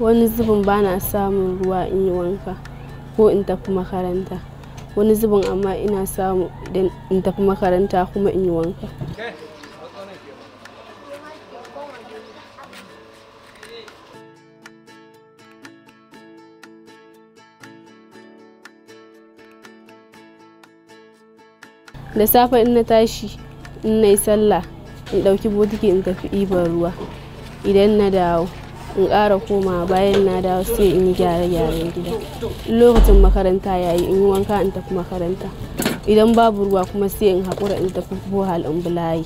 wani zubin ba na samun ruwa in yi wanka ko in tafi makaranta wani zubin amma ina samu in tafi makaranta kuma in yi wanka da safe in na tashi in na yi sallah in ɗauki botiki in tafi ibar ruwa idan na dawo in ƙara koma bayan na dawo sai in yi gyare-gyaren gida lokacin makaranta ya yi in yi wanka in tafi makaranta idan babu ruwa kuma sai in haƙura in tafi bohal in bulayi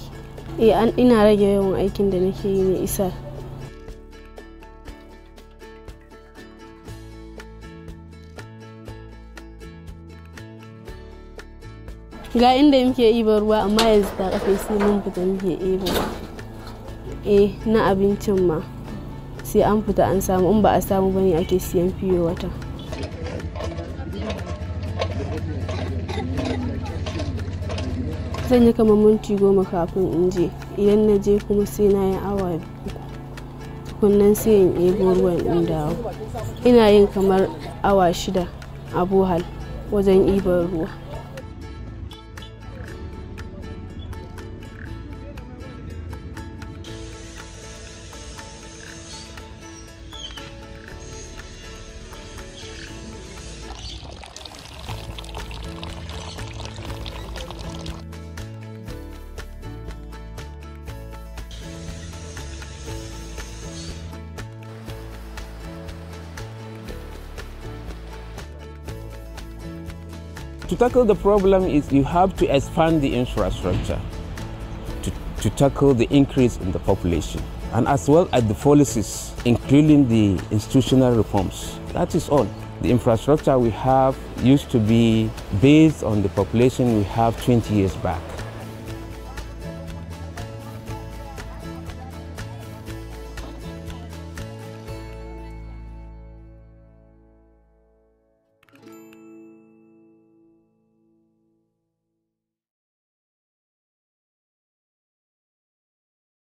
eh an ina rage yawan aikin da nake yi ne isa. ga inda muke ibar ruwa amma yanzu ta kafe sai mun fita muke ibar eh na abincin ma sai an fita an samu in ba a samu bane ake siyan fiye wata zan yi kamar minti goma kafin in je idan na je kuma sai na yi awa kunnan sai in ebo ruwan in dawo ina yin kamar awa shida a bohal wajen ibar ruwa To tackle the problem is you have to expand the infrastructure to, to tackle the increase in the population and as well as the policies, including the institutional reforms. That is all. The infrastructure we have used to be based on the population we have 20 years back.